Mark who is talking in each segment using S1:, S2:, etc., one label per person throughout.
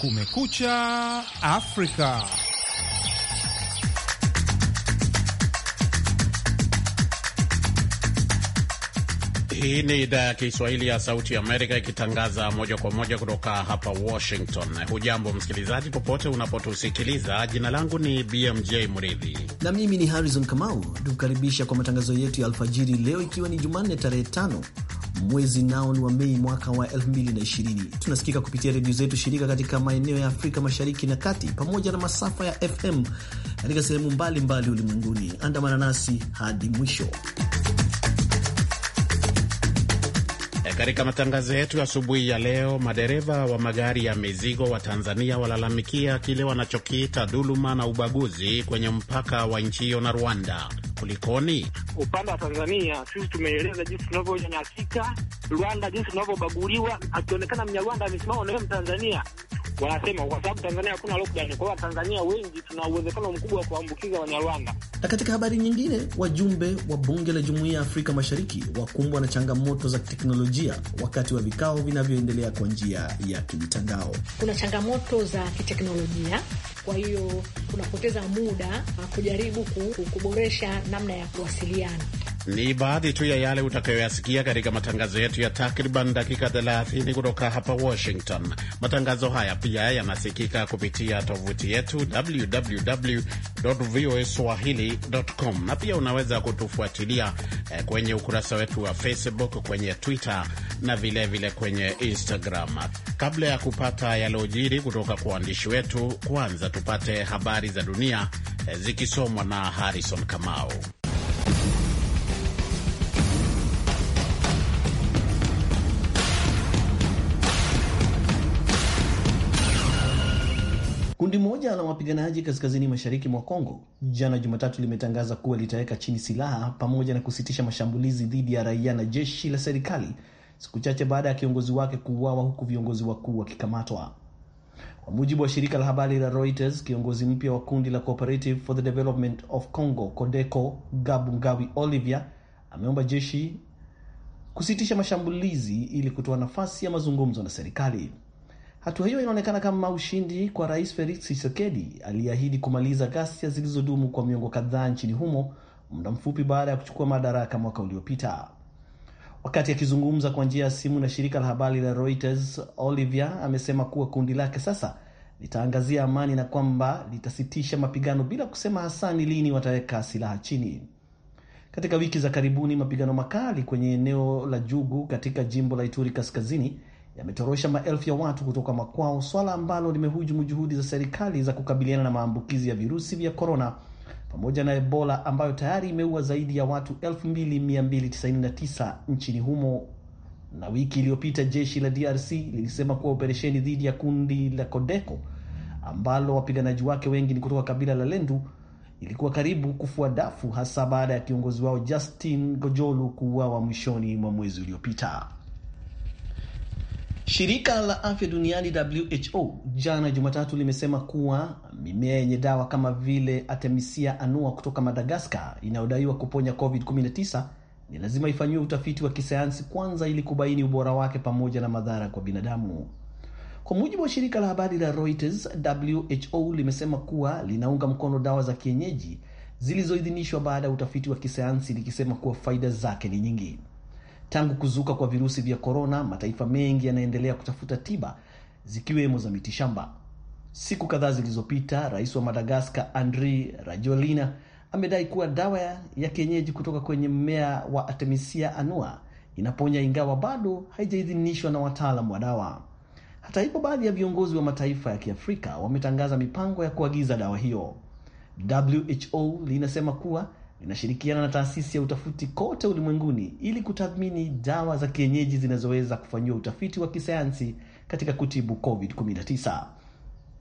S1: Kumekucha Afrika.
S2: Hii ni idhaa ya Kiswahili ya Sauti ya Amerika ikitangaza moja kwa moja kutoka hapa Washington. Hujambo msikilizaji, popote unapotusikiliza. Jina langu ni BMJ Mridhi
S3: na mimi ni Harrison Kamau, tukukaribisha kwa matangazo yetu ya alfajiri leo, ikiwa ni Jumanne tarehe tano mwezi nao ni wa Mei mwaka wa 2020. Tunasikika kupitia redio zetu shirika katika maeneo ya Afrika Mashariki na Kati pamoja na masafa ya FM katika sehemu mbalimbali ulimwenguni. Andamana nasi hadi mwisho.
S2: Katika matangazo yetu asubuhi ya leo, madereva wa magari ya mizigo wa Tanzania walalamikia kile wanachokiita dhuluma na ubaguzi kwenye mpaka wa nchi hiyo na Rwanda. Kulikoni?
S4: Upande wa Tanzania sisi tumeeleza jinsi tunavyonyanyasika, Rwanda jinsi tunavyobaguliwa, akionekana Mnyarwanda amesimama na wewe Mtanzania wanasema kwa sababu Tanzania hakuna lockdown, kwa hiyo Tanzania wengi tuna uwezekano mkubwa wa kuambukiza Wanyarwanda.
S3: Na katika habari nyingine, wajumbe wa bunge la Jumuiya ya Afrika Mashariki wakumbwa na changamoto za teknolojia wakati wa vikao vinavyoendelea kwa njia ya kimitandao.
S5: Kuna changamoto za kiteknolojia, kwa hiyo tunapoteza muda kujaribu kuboresha namna ya kuwasiliana
S2: ni baadhi tu ya yale utakayoyasikia katika matangazo yetu ya takriban dakika 30 kutoka hapa Washington. Matangazo haya pia yanasikika kupitia tovuti yetu www voa swahili com, na pia unaweza kutufuatilia eh, kwenye ukurasa wetu wa Facebook, kwenye Twitter na vilevile vile kwenye Instagram. Kabla ya kupata yaliojiri kutoka kwa waandishi wetu, kwanza tupate habari za dunia eh, zikisomwa na Harrison Kamau.
S3: Pamoja na wapiganaji kaskazini mashariki mwa Kongo, jana Jumatatu limetangaza kuwa litaweka chini silaha pamoja na kusitisha mashambulizi dhidi ya raia na jeshi la serikali, siku chache baada ya kiongozi wake kuuawa, huku viongozi wakuu wakikamatwa. Kwa mujibu wa shirika la habari la Reuters, kiongozi mpya wa kundi la Cooperative for the Development of Congo, CODECO, Gabu Ngawi Olivier ameomba jeshi kusitisha mashambulizi ili kutoa nafasi ya mazungumzo na serikali. Hatua hiyo inaonekana kama ushindi kwa Rais Felix Tshisekedi aliyeahidi kumaliza ghasia zilizodumu kwa miongo kadhaa nchini humo muda mfupi baada ya kuchukua madaraka mwaka uliopita. Wakati akizungumza kwa njia ya simu na shirika la habari la Reuters, Olivia amesema kuwa kundi lake sasa litaangazia amani na kwamba litasitisha mapigano bila kusema hasa ni lini wataweka silaha chini. Katika wiki za karibuni, mapigano makali kwenye eneo la Jugu katika jimbo la Ituri kaskazini yametorosha maelfu ya watu kutoka makwao, swala ambalo limehujumu juhudi za serikali za kukabiliana na maambukizi ya virusi vya korona pamoja na Ebola ambayo tayari imeua zaidi ya watu 2299 nchini humo. Na wiki iliyopita jeshi la DRC lilisema kuwa operesheni dhidi ya kundi la Kodeko ambalo wapiganaji wake wengi ni kutoka kabila la Lendu ilikuwa karibu kufua dafu, hasa baada ya kiongozi wao Justin Gojolu kuuawa mwishoni mwa mwezi uliopita. Shirika la afya duniani WHO jana Jumatatu limesema kuwa mimea yenye dawa kama vile Artemisia annua kutoka Madagaskar inayodaiwa kuponya COVID-19 ni lazima ifanyiwe utafiti wa kisayansi kwanza ili kubaini ubora wake pamoja na madhara kwa binadamu. Kwa mujibu wa shirika la habari la Reuters, WHO limesema kuwa linaunga mkono dawa za kienyeji zilizoidhinishwa baada ya utafiti wa kisayansi likisema kuwa faida zake ni nyingi. Tangu kuzuka kwa virusi vya korona, mataifa mengi yanaendelea kutafuta tiba zikiwemo za mitishamba. Siku kadhaa zilizopita, rais wa Madagaskar Andry Rajoelina amedai kuwa dawa ya kienyeji kutoka kwenye mmea wa Artemisia annua inaponya ingawa bado haijaidhinishwa na wataalam wa dawa. Hata hivyo, baadhi ya viongozi wa mataifa ya Kiafrika wametangaza mipango ya kuagiza dawa hiyo. WHO linasema kuwa linashirikiana na taasisi ya utafiti kote ulimwenguni ili kutathmini dawa za kienyeji zinazoweza kufanyiwa utafiti wa kisayansi katika kutibu COVID-19.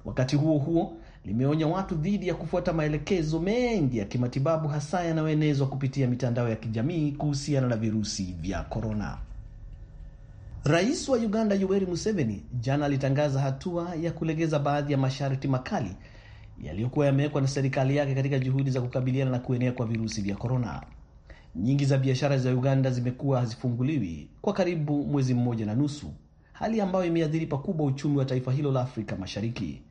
S3: Wakati huo huo, limeonya watu dhidi ya kufuata maelekezo mengi ya kimatibabu hasa yanayoenezwa kupitia mitandao ya kijamii kuhusiana na virusi vya korona. Rais wa Uganda Yoweri Museveni jana alitangaza hatua ya kulegeza baadhi ya masharti makali yaliyokuwa yamewekwa na serikali yake katika juhudi za kukabiliana na kuenea kwa virusi vya korona. Nyingi za biashara za Uganda zimekuwa hazifunguliwi kwa karibu mwezi mmoja na nusu, hali ambayo imeathiri pakubwa uchumi wa taifa hilo la Afrika Mashariki.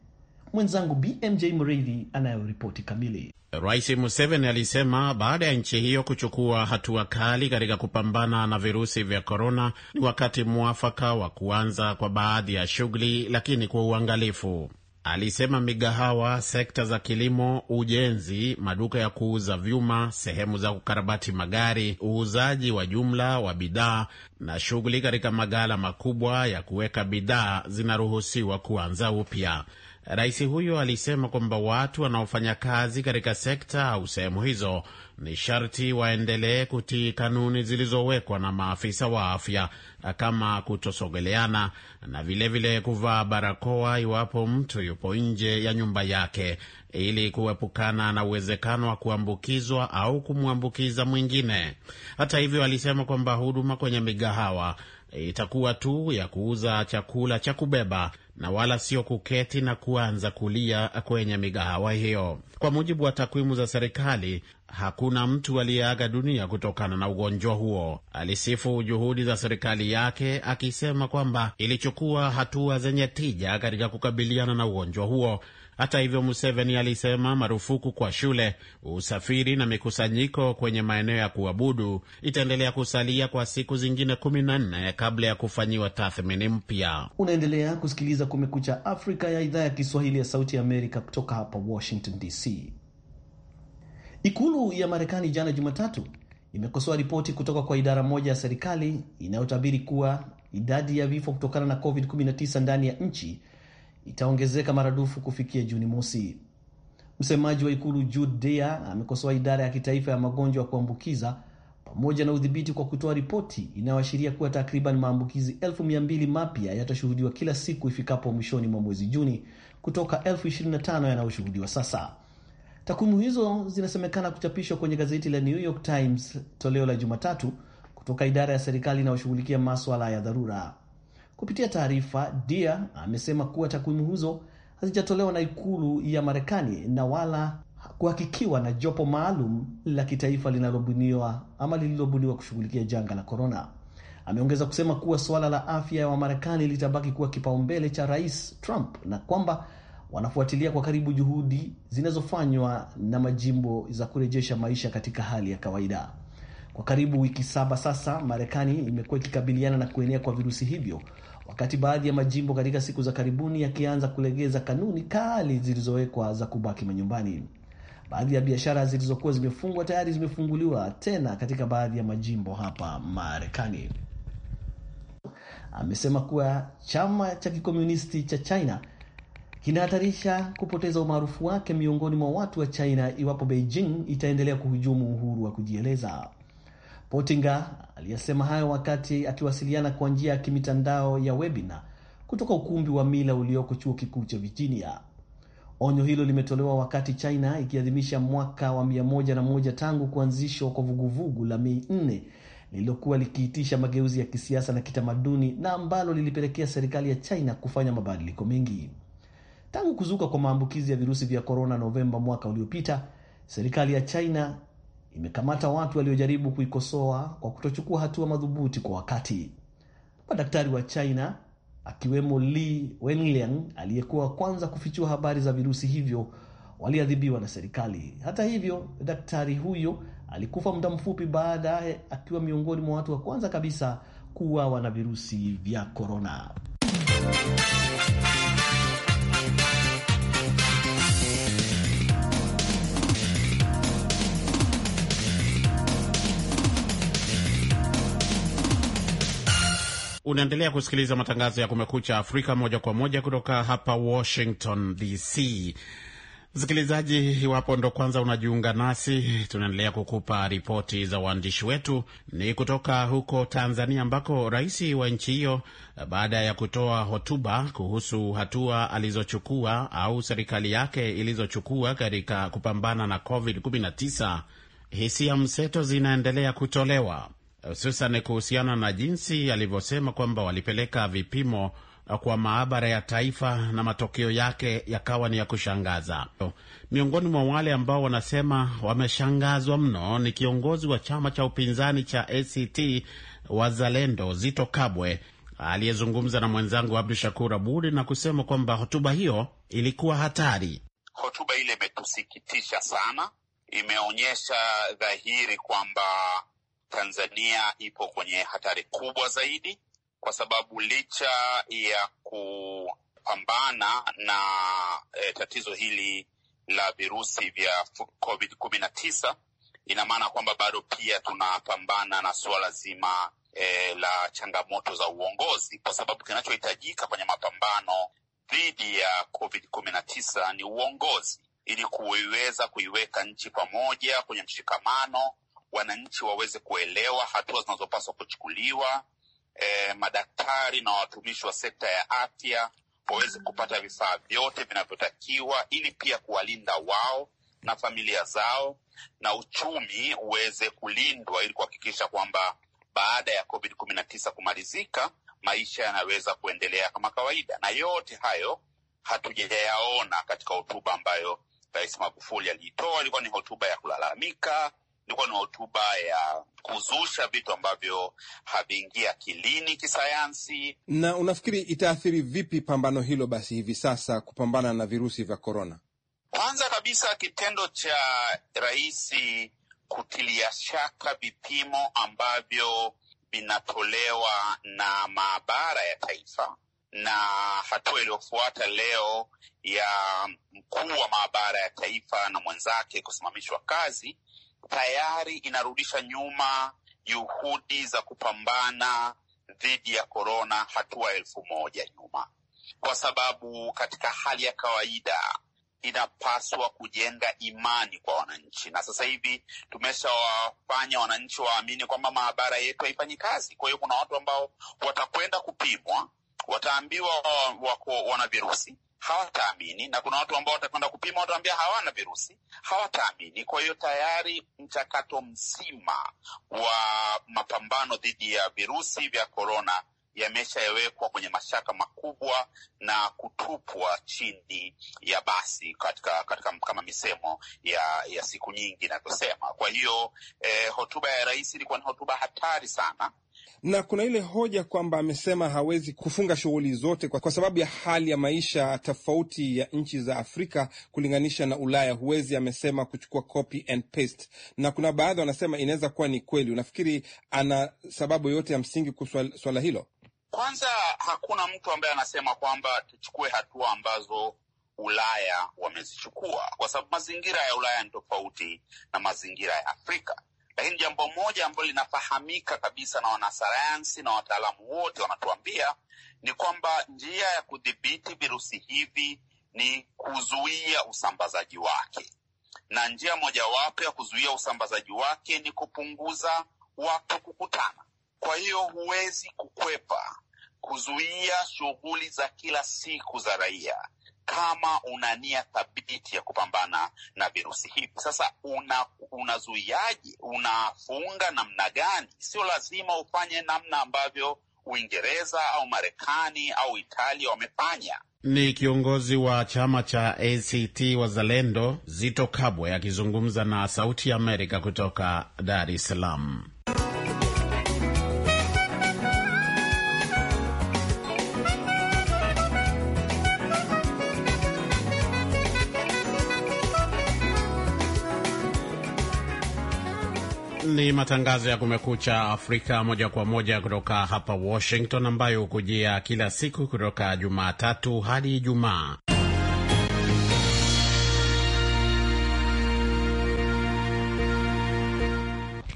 S3: Mwenzangu BMJ anayo anayoripoti kamili.
S2: Rais Museveni alisema baada ya nchi hiyo kuchukua hatua kali katika kupambana na virusi vya korona, ni wakati mwafaka wa kuanza kwa baadhi ya shughuli, lakini kwa uangalifu. Alisema migahawa, sekta za kilimo, ujenzi, maduka ya kuuza vyuma, sehemu za kukarabati magari, uuzaji wa jumla wa bidhaa na shughuli katika maghala makubwa ya kuweka bidhaa zinaruhusiwa kuanza upya. Rais huyo alisema kwamba watu wanaofanya kazi katika sekta au sehemu hizo ni sharti waendelee kutii kanuni zilizowekwa na maafisa wa afya kama kutosogeleana na vilevile vile kuvaa barakoa iwapo mtu yupo nje ya nyumba yake ili kuepukana na uwezekano wa kuambukizwa au kumwambukiza mwingine. Hata hivyo, alisema kwamba huduma kwenye migahawa itakuwa tu ya kuuza chakula cha kubeba na wala sio kuketi na kuanza kulia kwenye migahawa hiyo. Kwa mujibu wa takwimu za serikali, hakuna mtu aliyeaga dunia kutokana na ugonjwa huo. Alisifu juhudi za serikali yake akisema kwamba ilichukua hatua zenye tija katika kukabiliana na ugonjwa huo hata hivyo, Museveni alisema marufuku kwa shule, usafiri na mikusanyiko kwenye maeneo ya kuabudu itaendelea kusalia kwa siku zingine kumi na nne kabla ya kufanyiwa tathmini mpya.
S3: Unaendelea kusikiliza Kumekucha Afrika ya idhaa ya Kiswahili ya Sauti ya Amerika kutoka hapa Washington DC. Ikulu ya Marekani jana Jumatatu imekosoa ripoti kutoka kwa idara moja ya serikali inayotabiri kuwa idadi ya vifo kutokana na COVID-19 ndani ya nchi itaongezeka maradufu kufikia Juni mosi. Msemaji wa ikulu Jude Dea amekosoa idara ya kitaifa ya magonjwa ya kuambukiza pamoja na udhibiti kwa kutoa ripoti inayoashiria kuwa takriban maambukizi elfu mia mbili mapya yatashuhudiwa kila siku ifikapo mwishoni mwa mwezi Juni kutoka elfu ishirini na tano yanayoshuhudiwa sasa. Takwimu hizo zinasemekana kuchapishwa kwenye gazeti la New York Times toleo la Jumatatu kutoka idara ya serikali inayoshughulikia maswala ya dharura. Kupitia taarifa, Dia amesema kuwa takwimu hizo hazijatolewa na ikulu ya Marekani na wala kuhakikiwa na jopo maalum la kitaifa linalobuniwa ama lililobuniwa kushughulikia janga la korona. Ameongeza kusema kuwa suala la afya ya Wamarekani litabaki kuwa kipaumbele cha Rais Trump na kwamba wanafuatilia kwa karibu juhudi zinazofanywa na majimbo za kurejesha maisha katika hali ya kawaida. Kwa karibu wiki saba sasa, Marekani imekuwa ikikabiliana na kuenea kwa virusi hivyo wakati baadhi ya majimbo katika siku za karibuni yakianza kulegeza kanuni kali zilizowekwa za kubaki manyumbani. Baadhi ya biashara zilizokuwa zimefungwa tayari zimefunguliwa tena katika baadhi ya majimbo hapa Marekani. Amesema kuwa chama cha kikomunisti cha China kinahatarisha kupoteza umaarufu wake miongoni mwa watu wa China iwapo Beijing itaendelea kuhujumu uhuru wa kujieleza. Potinga aliyesema hayo wakati akiwasiliana kwa njia ya kimitandao ya webinar kutoka ukumbi wa mila ulioko chuo kikuu cha Virginia. Onyo hilo limetolewa wakati China ikiadhimisha mwaka wa 101 tangu kuanzishwa kwa vuguvugu la Mei 4 lililokuwa likiitisha mageuzi ya kisiasa na kitamaduni na ambalo lilipelekea serikali ya China kufanya mabadiliko mengi. Tangu kuzuka kwa maambukizi ya virusi vya korona Novemba mwaka uliopita, serikali ya China imekamata watu waliojaribu kuikosoa kwa kutochukua hatua madhubuti kwa wakati. Madaktari wa China akiwemo Li Wenliang aliyekuwa wa kwanza kufichua habari za virusi hivyo waliadhibiwa na serikali. Hata hivyo, daktari huyo alikufa muda mfupi baadaye akiwa miongoni mwa watu wa kwanza kabisa kuuawa na virusi vya korona.
S2: Unaendelea kusikiliza matangazo ya Kumekucha Afrika moja kwa moja kutoka hapa Washington DC. Msikilizaji, iwapo ndo kwanza unajiunga nasi, tunaendelea kukupa ripoti za waandishi wetu. Ni kutoka huko Tanzania ambako rais wa nchi hiyo baada ya kutoa hotuba kuhusu hatua alizochukua au serikali yake ilizochukua katika kupambana na COVID-19, hisia mseto zinaendelea kutolewa hususan kuhusiana na jinsi alivyosema kwamba walipeleka vipimo kwa maabara ya taifa na matokeo yake yakawa ni ya kushangaza. Miongoni mwa wale ambao wanasema wameshangazwa mno ni kiongozi wa chama cha upinzani cha ACT Wazalendo Zito Kabwe aliyezungumza na mwenzangu Abdu Shakur Abudi na kusema kwamba hotuba hiyo ilikuwa hatari.
S6: Hotuba ile imetusikitisha sana, imeonyesha dhahiri kwamba Tanzania ipo kwenye hatari kubwa zaidi, kwa sababu licha ya kupambana na e, tatizo hili la virusi vya COVID kumi na tisa, ina maana kwamba bado pia tunapambana na suala zima e, la changamoto za uongozi, kwa sababu kinachohitajika kwenye mapambano dhidi ya COVID kumi na tisa ni uongozi, ili kuiweza kuiweka nchi pamoja kwenye mshikamano wananchi waweze kuelewa hatua zinazopaswa kuchukuliwa. E, madaktari na watumishi wa sekta ya afya waweze kupata vifaa vyote vinavyotakiwa ili pia kuwalinda wao na familia zao, na uchumi uweze kulindwa ili kuhakikisha kwamba baada ya COVID kumi na tisa kumalizika maisha yanaweza kuendelea kama kawaida. Na yote hayo hatujayaona katika hotuba ambayo Rais Magufuli aliitoa. Ilikuwa ni hotuba ya kulalamika, ilikuwa ni hotuba ya kuzusha vitu ambavyo haviingia akilini kisayansi.
S1: Na unafikiri itaathiri vipi pambano hilo basi hivi sasa kupambana na virusi vya korona?
S6: Kwanza kabisa kitendo cha rais kutilia shaka vipimo ambavyo vinatolewa na maabara ya taifa na hatua iliyofuata leo ya mkuu wa maabara ya taifa na mwenzake kusimamishwa kazi tayari inarudisha nyuma juhudi za kupambana dhidi ya korona hatua elfu moja nyuma, kwa sababu katika hali ya kawaida inapaswa kujenga imani kwa wananchi, na sasa hivi tumeshawafanya wananchi waamini kwamba maabara yetu haifanyi kazi. Kwa hiyo kuna watu ambao watakwenda kupimwa, wataambiwa wako wana virusi hawataamini, na kuna watu ambao watakwenda kupima, watawambia hawana virusi, hawataamini. Kwa hiyo tayari mchakato mzima wa mapambano dhidi ya virusi vya korona yameshawekwa kwenye mashaka makubwa na kutupwa chini ya basi katika, katika kama misemo ya ya siku nyingi inavyosema. Kwa hiyo eh, hotuba ya rais ilikuwa ni hotuba hatari sana
S1: na kuna ile hoja kwamba amesema hawezi kufunga shughuli zote kwa, sababu ya hali ya maisha tofauti ya nchi za Afrika kulinganisha na Ulaya. Huwezi amesema kuchukua copy and paste, na kuna baadhi wanasema inaweza kuwa ni kweli. Unafikiri ana sababu yote ya msingi kuhusu swala hilo?
S6: Kwanza, hakuna mtu ambaye anasema kwamba tuchukue hatua ambazo Ulaya wamezichukua, kwa sababu mazingira ya Ulaya ni tofauti na mazingira ya Afrika. Lakini jambo moja ambalo linafahamika kabisa na wanasayansi na wataalamu wote wanatuambia ni kwamba njia ya kudhibiti virusi hivi ni kuzuia usambazaji wake, na njia mojawapo ya kuzuia usambazaji wake ni kupunguza watu kukutana. Kwa hiyo huwezi kukwepa kuzuia shughuli za kila siku za raia kama una nia thabiti ya kupambana na virusi hivi. Sasa una unazuiaje? Unafunga namna gani? Sio lazima ufanye namna ambavyo Uingereza au Marekani au Italia wamefanya.
S2: Ni kiongozi wa chama cha ACT Wazalendo Zito Kabwe akizungumza na Sauti ya Amerika kutoka Dar es Salaam. Ni matangazo ya Kumekucha Afrika moja kwa moja kutoka hapa Washington, ambayo hukujia kila siku kutoka Jumatatu hadi Ijumaa.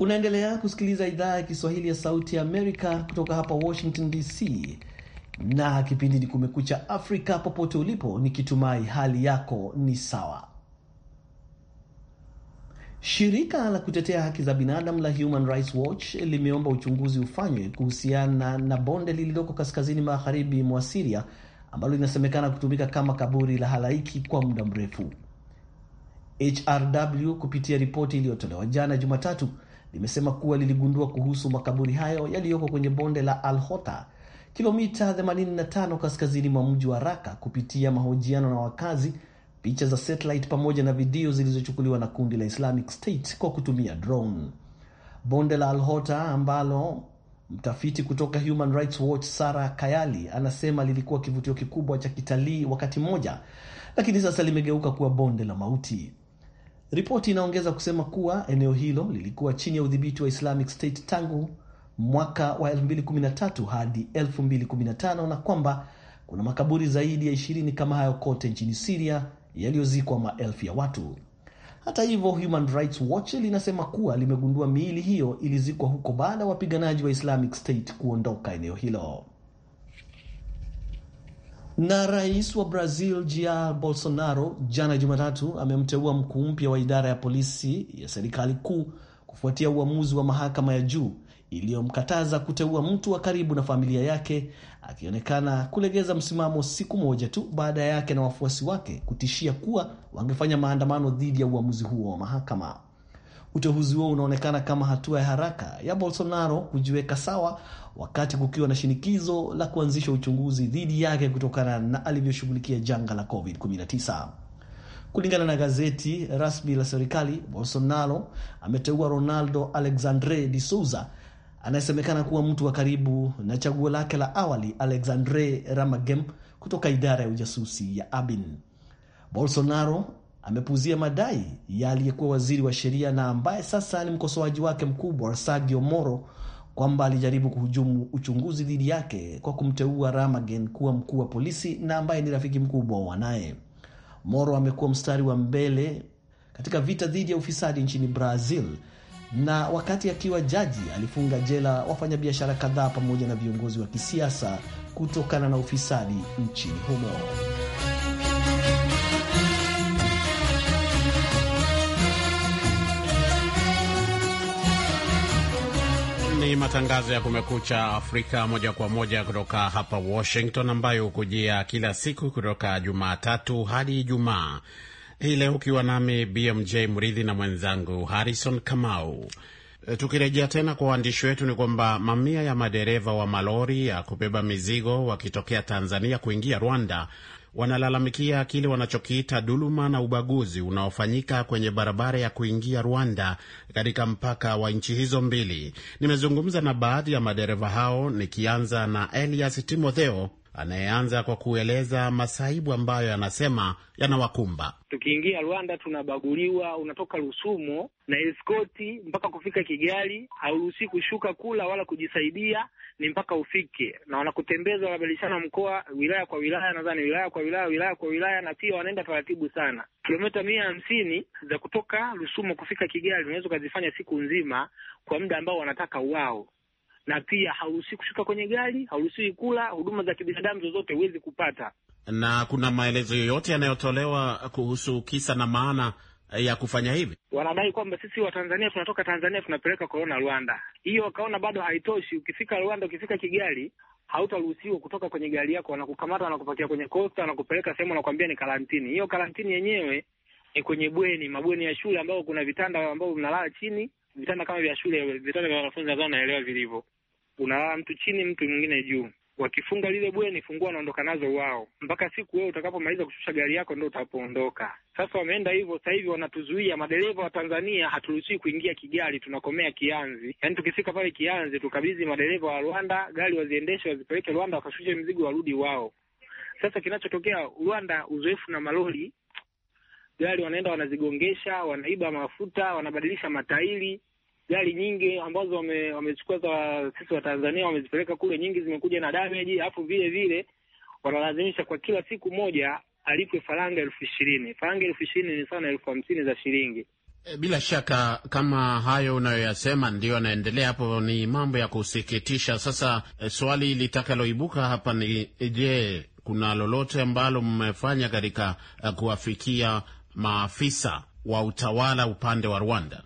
S3: Unaendelea kusikiliza idhaa ya Kiswahili ya Sauti ya Amerika kutoka hapa Washington DC, na kipindi ni Kumekucha Afrika. Popote ulipo, nikitumai hali yako ni sawa. Shirika la kutetea haki za binadamu la Human Rights Watch limeomba uchunguzi ufanywe kuhusiana na bonde lililoko kaskazini magharibi mwa Siria ambalo linasemekana kutumika kama kaburi la halaiki kwa muda mrefu. HRW kupitia ripoti iliyotolewa jana Jumatatu limesema kuwa liligundua kuhusu makaburi hayo yaliyoko kwenye bonde la Al Hota, kilomita 85 kaskazini mwa mji wa Raka, kupitia mahojiano na wakazi picha za satellite pamoja na video zilizochukuliwa na kundi la Islamic State kwa kutumia drone. Bonde la Al-Hota ambalo mtafiti kutoka Human Rights Watch Sarah Kayali anasema lilikuwa kivutio kikubwa cha kitalii wakati mmoja, lakini sasa limegeuka kuwa bonde la mauti. Ripoti inaongeza kusema kuwa eneo hilo lilikuwa chini ya udhibiti wa Islamic State tangu mwaka wa 2013 hadi 2015 na kwamba kuna makaburi zaidi ya 20 kama hayo kote nchini Siria, yaliyozikwa maelfu ya watu. Hata hivyo, Human Rights Watch linasema kuwa limegundua miili hiyo ilizikwa huko baada ya wapiganaji wa Islamic State kuondoka eneo hilo. Na rais wa Brazil Jair Bolsonaro jana Jumatatu amemteua mkuu mpya wa idara ya polisi ya serikali kuu kufuatia uamuzi wa mahakama ya juu iliyomkataza kuteua mtu wa karibu na familia yake, akionekana kulegeza msimamo siku moja tu baada yake na wafuasi wake kutishia kuwa wangefanya maandamano dhidi ya uamuzi huo wa mahakama. Uteuzi huo unaonekana kama hatua ya haraka ya Bolsonaro kujiweka sawa, wakati kukiwa na shinikizo la kuanzisha uchunguzi dhidi yake kutokana na alivyoshughulikia janga la COVID-19. Kulingana na gazeti rasmi la serikali, Bolsonaro ameteua Ronaldo Alexandre de Souza anayesemekana kuwa mtu wa karibu na chaguo lake la awali Alexandre Ramagem kutoka idara ya ujasusi ya Abin. Bolsonaro amepuzia madai ya aliyekuwa waziri wa sheria na ambaye sasa ni mkosoaji wake mkubwa Sergio Moro kwamba alijaribu kuhujumu uchunguzi dhidi yake kwa kumteua Ramagen kuwa mkuu wa polisi na ambaye ni rafiki mkubwa wanaye. Moro amekuwa mstari wa mbele katika vita dhidi ya ufisadi nchini Brazil na wakati akiwa jaji alifunga jela wafanyabiashara kadhaa pamoja na viongozi wa kisiasa kutokana na ufisadi nchini humo.
S2: Ni matangazo ya Kumekucha Afrika moja kwa moja kutoka hapa Washington, ambayo hukujia kila siku kutoka Jumatatu hadi Ijumaa hii leo ukiwa nami BMJ Mridhi na mwenzangu Harrison Kamau. E, tukirejea tena kwa waandishi wetu ni kwamba mamia ya madereva wa malori ya kubeba mizigo wakitokea Tanzania kuingia Rwanda wanalalamikia kile wanachokiita dhuluma na ubaguzi unaofanyika kwenye barabara ya kuingia Rwanda katika mpaka wa nchi hizo mbili. Nimezungumza na baadhi ya madereva hao nikianza na Elias Timotheo anayeanza kwa kueleza masaibu ambayo anasema yanawakumba.
S4: Tukiingia Rwanda tunabaguliwa, unatoka Rusumo na eskoti mpaka kufika Kigali, hauruhusi kushuka kula wala kujisaidia, ni mpaka ufike, na wanakutembeza, wanabadilishana mkoa, wilaya kwa wilaya, nadhani wilaya kwa wilaya, wilaya kwa wilaya, na pia wanaenda taratibu sana. Kilomita mia hamsini za kutoka Rusumo kufika Kigali unaweza ukazifanya siku nzima kwa muda ambao wanataka wao na pia hauruhusiwi kushuka kwenye gari, hauruhusiwi kula, huduma za kibinadamu zozote huwezi kupata.
S2: Na kuna maelezo yoyote yanayotolewa kuhusu kisa na maana ya kufanya hivi?
S4: Wanadai kwamba sisi Watanzania tunatoka Tanzania tunapeleka korona Rwanda. Hiyo wakaona bado haitoshi. Ukifika Rwanda, ukifika Kigali hautaruhusiwa kutoka kwenye gari yako, wanakukamata, wanakupakia kwenye kosta, wanakupeleka sehemu, wanakuambia ni karantini. Hiyo karantini yenyewe ni kwenye bweni, mabweni ya shule, ambao kuna vitanda ambao mnalala chini, vitanda kama vya shule, vitanda vya wanafunzi ambao naelewa vilivyo unalala mtu chini, mtu mwingine juu. Wakifunga lile bweni, funguo wanaondoka nazo wao, mpaka siku wewe utakapomaliza kushusha gari yako ndo utapoondoka. Sasa wameenda hivyo, sasa hivi wanatuzuia madereva wa Tanzania, haturuhusiwi kuingia Kigali, tunakomea Kianzi. Yaani tukifika pale Kianzi tukabidhi madereva wa Rwanda gari, waziendeshe wazipeleke Rwanda, wakashushe mzigo warudi wao. Sasa kinachotokea Rwanda, uzoefu na malori gari wanaenda wanazigongesha, wanaiba mafuta, wanabadilisha matairi gari nyingi ambazo wamechukua wame sisi wa Tanzania wamezipeleka kule, nyingi zimekuja na damage, alafu vile vile wanalazimisha kwa kila siku moja alipwe faranga elfu ishirini. Faranga elfu ishirini ni sawa na elfu hamsini za shilingi.
S2: Eh, bila shaka kama hayo unayoyasema ndio yanaendelea hapo, ni mambo ya kusikitisha. Sasa eh, swali litakaloibuka hapa ni je, kuna lolote ambalo mmefanya katika eh, kuwafikia maafisa wa utawala upande wa Rwanda?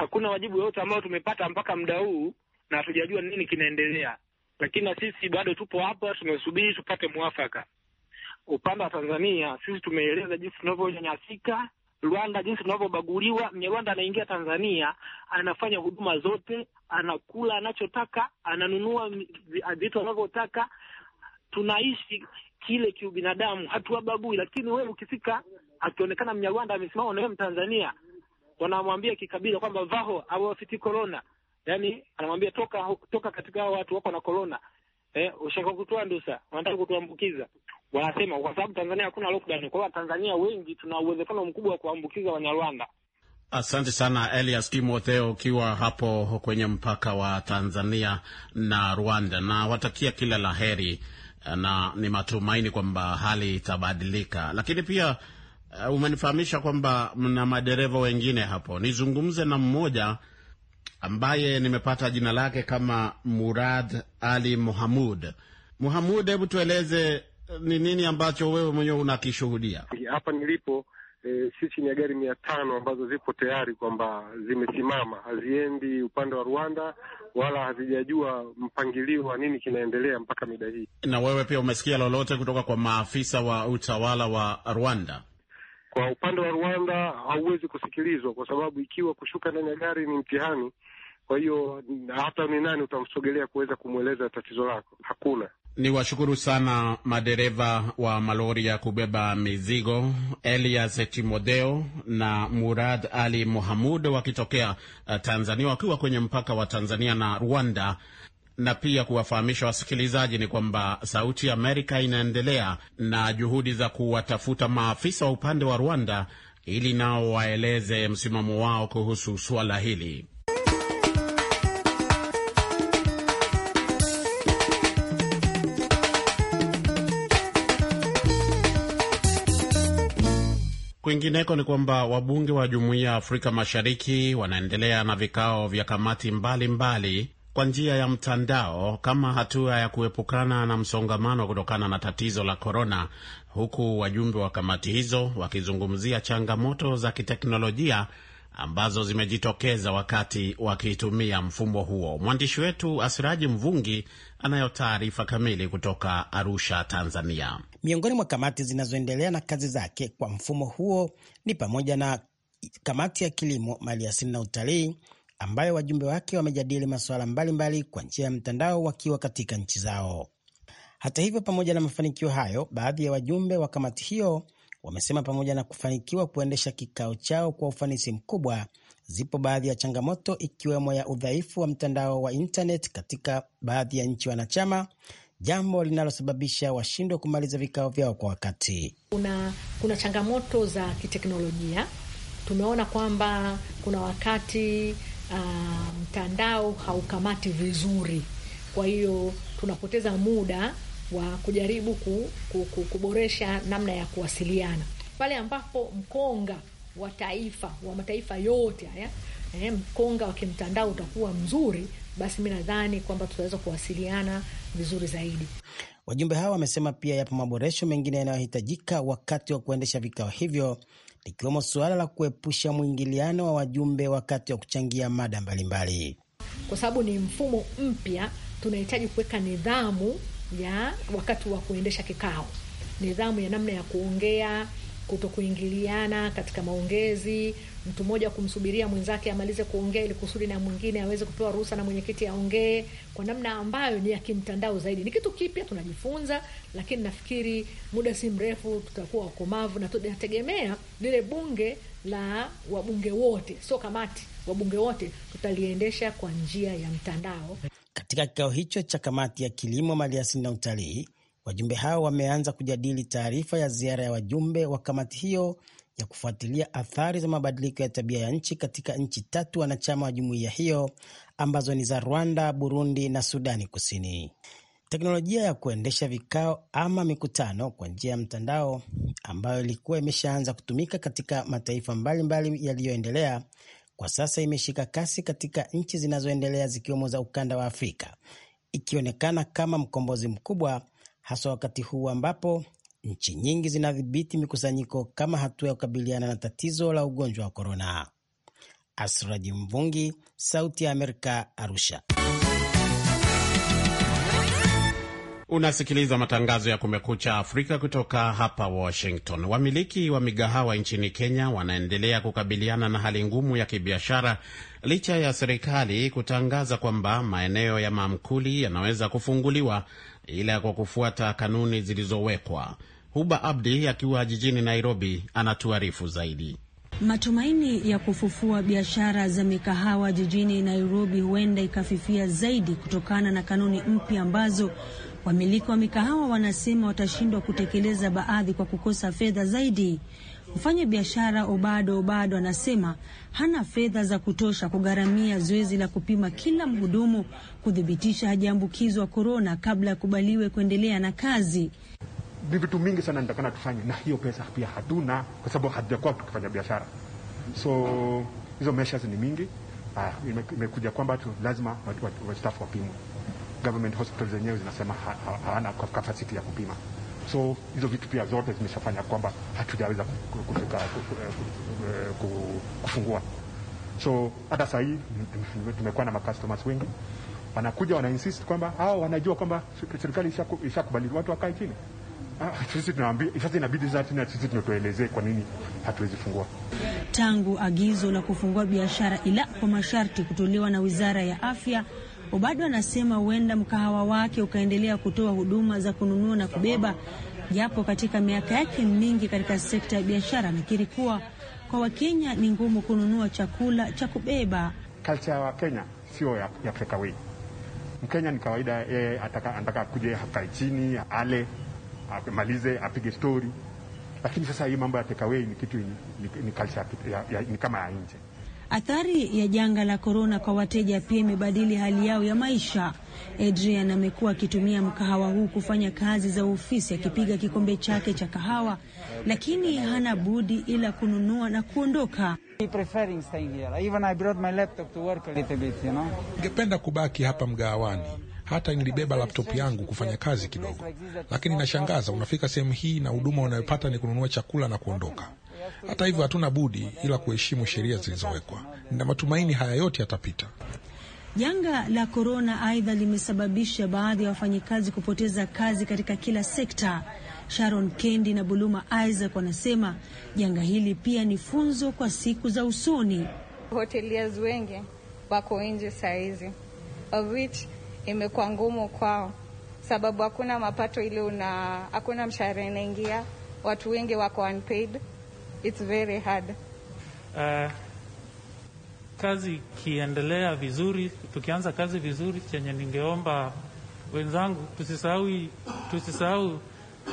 S4: hakuna wajibu wowote ambao tumepata mpaka muda huu, na hatujajua nini kinaendelea, lakini na sisi bado tupo hapa, tumesubiri tupate mwafaka. Upande wa Tanzania sisi tumeeleza jinsi tunavyonyanyasika Rwanda jinsi tunavyobaguliwa. Mnyarwanda anaingia Tanzania, anafanya huduma zote, anakula anachotaka, ananunua vitu anavyotaka, tunaishi kile kiubinadamu, hatuwabagui. Lakini wewe ukifika akionekana Mnyarwanda amesimama na wewe Mtanzania, wanamwambia kikabila kwamba vaho awafiti corona, yani anamwambia toka toka katika hao watu wako na corona eh, ushaka kutoa ndusa, wanataka kutuambukiza. Wanasema kwa sababu Tanzania hakuna lockdown, kwa hiyo Tanzania wengi tuna uwezekano mkubwa wa kuambukiza Wanyarwanda.
S2: Asante sana Elias Timotheo, ukiwa hapo kwenye mpaka wa Tanzania na Rwanda, na watakia kila la heri, na ni matumaini kwamba hali itabadilika, lakini pia uh, umenifahamisha kwamba mna madereva wengine hapo. Nizungumze na mmoja ambaye nimepata jina lake kama Murad Ali Muhamud. Muhamud, hebu tueleze eh, ni nini ambacho wewe mwenyewe unakishuhudia
S1: hapa nilipo? E, eh, si chini ya gari mia tano ambazo zipo tayari kwamba zimesimama, haziendi upande wa Rwanda wala hazijajua mpangilio wa nini
S4: kinaendelea mpaka mida hii.
S2: Na wewe pia umesikia lolote kutoka kwa maafisa wa utawala wa Rwanda?
S4: Kwa upande wa Rwanda hauwezi kusikilizwa kwa sababu ikiwa kushuka ndani ya gari ni mtihani, kwa hiyo hata ni nani utamsogelea kuweza kumweleza tatizo
S7: lako? Hakuna.
S2: Ni washukuru sana madereva wa malori ya kubeba mizigo Elias timodeo na Murad Ali muhamud wakitokea eh, Tanzania, wakiwa kwenye mpaka wa Tanzania na Rwanda na pia kuwafahamisha wasikilizaji ni kwamba Sauti Amerika inaendelea na juhudi za kuwatafuta maafisa wa upande wa Rwanda ili nao waeleze msimamo wao kuhusu suala hili. Kwingineko ni kwamba wabunge wa Jumuiya ya Afrika Mashariki wanaendelea na vikao vya kamati mbalimbali kwa njia ya mtandao kama hatua ya kuepukana na msongamano kutokana na tatizo la korona, huku wajumbe wa kamati hizo wakizungumzia changamoto za kiteknolojia ambazo zimejitokeza wakati wakitumia mfumo huo. Mwandishi wetu Asiraji Mvungi anayo taarifa kamili kutoka Arusha, Tanzania.
S8: Miongoni mwa kamati zinazoendelea na kazi zake kwa mfumo huo ni pamoja na kamati ya kilimo, maliasili na utalii ambayo wajumbe wake wamejadili masuala mbalimbali kwa njia ya mtandao wakiwa katika nchi zao. Hata hivyo, pamoja na mafanikio hayo, baadhi ya wajumbe wa kamati hiyo wamesema pamoja na kufanikiwa kuendesha kikao chao kwa ufanisi mkubwa, zipo baadhi ya changamoto ikiwemo ya udhaifu wa mtandao wa intanet katika baadhi ya nchi wanachama, jambo linalosababisha washindwe kumaliza vikao vyao kwa wakati.
S5: Kuna, kuna changamoto za kiteknolojia. Tumeona kwamba kuna wakati Ah, mtandao uh, haukamati vizuri. Kwa hiyo tunapoteza muda wa kujaribu ku, ku, ku, kuboresha namna ya kuwasiliana pale ambapo mkonga wa taifa wa mataifa yote haya eh, mkonga wa kimtandao utakuwa mzuri, basi mi nadhani kwamba tutaweza kuwasiliana vizuri zaidi.
S8: Wajumbe hawa wamesema pia yapo maboresho mengine yanayohitajika wakati wa kuendesha vikao hivyo likiwemo suala la kuepusha mwingiliano wa wajumbe wakati wa kuchangia mada mbalimbali.
S5: Kwa sababu ni mfumo mpya, tunahitaji kuweka nidhamu ya wakati wa kuendesha kikao, nidhamu ya namna ya kuongea, kuto kuingiliana katika maongezi, mtu mmoja kumsubiria mwenzake amalize kuongea ili kusudi na mwingine aweze kupewa ruhusa na mwenyekiti aongee, kwa namna ambayo ni ya kimtandao zaidi. Ni kitu kipya tunajifunza, lakini nafikiri muda si mrefu tutakuwa wakomavu, na tunategemea lile bunge la wabunge wote, sio kamati, wabunge wote tutaliendesha kwa njia ya mtandao.
S8: Katika kikao hicho cha kamati ya kilimo, maliasili na utalii, wajumbe hao wameanza kujadili taarifa ya ziara ya wajumbe wa kamati hiyo ya kufuatilia athari za mabadiliko ya tabia ya nchi katika nchi tatu wanachama wa jumuiya hiyo ambazo ni za Rwanda, Burundi na Sudani Kusini. Teknolojia ya kuendesha vikao ama mikutano kwa njia ya mtandao ambayo ilikuwa imeshaanza kutumika katika mataifa mbalimbali yaliyoendelea kwa sasa imeshika kasi katika nchi zinazoendelea zikiwemo za ukanda wa Afrika, ikionekana kama mkombozi mkubwa, haswa wakati huu ambapo nchi nyingi zinadhibiti mikusanyiko kama hatua ya kukabiliana na tatizo la ugonjwa wa korona. Asraji Mvungi, Sauti ya Amerika, Arusha.
S2: Unasikiliza matangazo ya Kumekucha Afrika kutoka hapa Washington. Wamiliki wa migahawa nchini Kenya wanaendelea kukabiliana na hali ngumu ya kibiashara licha ya serikali kutangaza kwamba maeneo ya mamkuli yanaweza kufunguliwa ila kwa kufuata kanuni zilizowekwa. Huba Abdi akiwa jijini Nairobi anatuarifu zaidi.
S7: Matumaini ya kufufua biashara za mikahawa jijini Nairobi huenda ikafifia zaidi kutokana na kanuni mpya ambazo wamiliki wa mikahawa wanasema watashindwa kutekeleza baadhi kwa kukosa fedha zaidi. Mfanya biashara Obado Obado anasema hana fedha za kutosha kugharamia zoezi la kupima kila mhudumu kuthibitisha hajaambukizwa korona kabla ya kubaliwe kuendelea na kazi
S1: ni vitu mingi sana nitakana tufanye, na hiyo pesa pia hatuna, kwa sababu hatujakuwa tukifanya biashara. So hizo measures ni mingi. Uh, imekuja kwamba tu lazima wastaafu wapimwe. Government hospitals zenyewe zinasema hawana ha, ha, capacity ya kupima, so hizo vitu pia zote zimeshafanya kwamba hatujaweza kufika eh, kufungua. So hata saa hii mm, tumekuwa na customers wengi wanakuja wana insist kwamba hao wanajua kwamba serikali ishakubali watu wakae chini. Ah, sisi tunaambia sasa, inabidi sasa tena sisi tunatuelezee kwa nini hatuwezi fungua.
S7: Tangu agizo la kufungua biashara ila kwa masharti kutolewa na wizara ya afya, Obado anasema huenda mkahawa wake ukaendelea kutoa huduma za kununua na kubeba, japo katika miaka yake mingi katika sekta ya biashara anakiri kuwa kwa Wakenya ni ngumu kununua chakula cha kubeba.
S1: Kalcha ya Wakenya sio ya, ya takeaway. Mkenya ni kawaida yeye anataka kuje hakae chini ale amalize apige stori. Lakini sasa hii mambo ya takeaway ni kitu ni culture ni kama ya nje.
S7: Athari ya janga la korona kwa wateja pia imebadili hali yao ya maisha. Adrian amekuwa akitumia mkahawa huu kufanya kazi za ofisi, akipiga kikombe chake cha kahawa, lakini hana budi ila kununua na kuondoka.
S1: Ningependa kubaki hapa mgahawani hata nilibeba laptop yangu kufanya kazi kidogo, lakini nashangaza unafika sehemu hii na huduma unayopata ni kununua chakula na kuondoka. Hata hivyo, hatuna budi ila kuheshimu sheria zilizowekwa. Nina matumaini haya yote yatapita.
S7: Janga la korona aidha limesababisha baadhi ya wafanyikazi kupoteza kazi katika kila sekta. Sharon Kendi na Buluma Isaac wanasema janga hili pia ni funzo kwa siku za usoni. Hoteliers wengi wako nje saa hizi, of which imekuwa ngumu kwao, sababu hakuna mapato ile una, hakuna mshahara inaingia, watu wengi wako unpaid. It's very hard.
S4: Uh, kazi
S2: ikiendelea vizuri, tukianza kazi vizuri, chenye ningeomba wenzangu tusisahau tusisahau,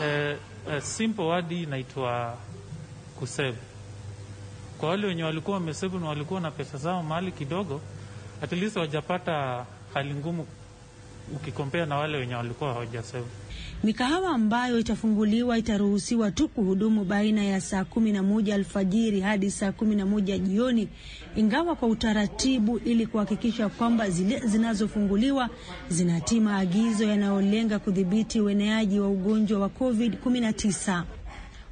S2: eh, eh, simple word inaitwa kusave. Kwa wale wenye walikuwa wamesave na walikuwa na pesa zao mahali kidogo, at least wajapata hali ngumu ukikompea na wale wenye walikuwa hawajasema.
S7: Mikahawa ambayo itafunguliwa itaruhusiwa tu kuhudumu baina ya saa kumi na moja alfajiri hadi saa kumi na moja jioni, ingawa kwa utaratibu, ili kuhakikisha kwamba zile zinazofunguliwa zinatii maagizo yanayolenga kudhibiti ueneaji wa ugonjwa wa COVID-19.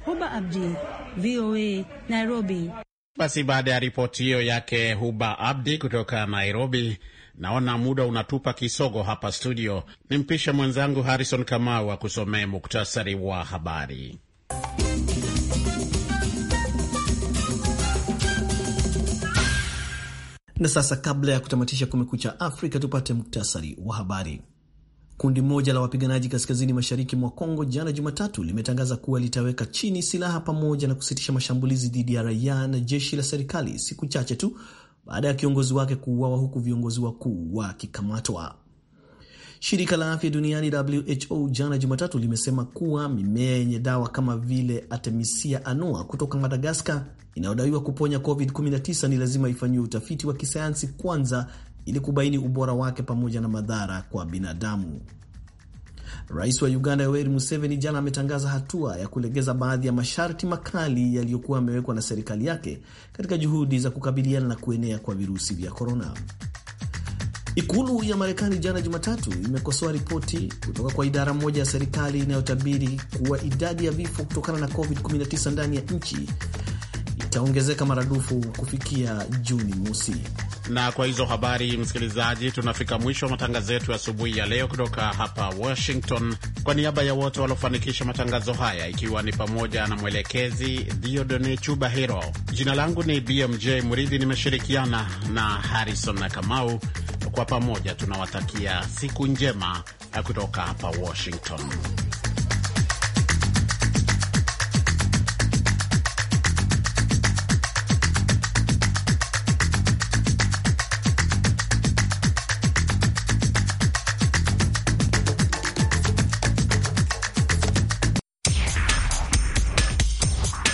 S7: Huba Abdi, VOA, Nairobi.
S2: Basi baada ya ripoti hiyo yake Huba Abdi kutoka Nairobi. Naona muda unatupa kisogo hapa studio, nimpishe mwenzangu Harrison Kamau akusomee muktasari wa habari.
S3: Na sasa kabla ya kutamatisha Kumekucha Afrika, tupate muktasari wa habari. Kundi moja la wapiganaji kaskazini mashariki mwa Kongo jana Jumatatu limetangaza kuwa litaweka chini silaha pamoja na kusitisha mashambulizi dhidi ya raia na jeshi la serikali siku chache tu baada ya kiongozi wake kuuawa huku viongozi wakuu wakikamatwa. Shirika la afya duniani WHO jana Jumatatu limesema kuwa mimea yenye dawa kama vile Artemisia annua kutoka Madagaskar inayodaiwa kuponya COVID-19 ni lazima ifanyiwe utafiti wa kisayansi kwanza ili kubaini ubora wake pamoja na madhara kwa binadamu. Rais wa Uganda Yoweri Museveni jana ametangaza hatua ya kulegeza baadhi ya masharti makali yaliyokuwa yamewekwa na serikali yake katika juhudi za kukabiliana na kuenea kwa virusi vya korona. Ikulu ya Marekani jana Jumatatu imekosoa ripoti kutoka kwa idara moja ya serikali inayotabiri kuwa idadi ya vifo kutokana na COVID-19 ndani ya nchi itaongezeka maradufu kufikia Juni mosi.
S2: Na kwa hizo habari, msikilizaji, tunafika mwisho wa matangazo yetu asubuhi ya leo kutoka hapa Washington. Kwa niaba ya wote waliofanikisha matangazo haya, ikiwa ni pamoja na mwelekezi Diodone Chuba hero jina langu ni BMJ Muridhi, nimeshirikiana na Harrison na Kamau. Kwa pamoja tunawatakia siku njema kutoka hapa Washington.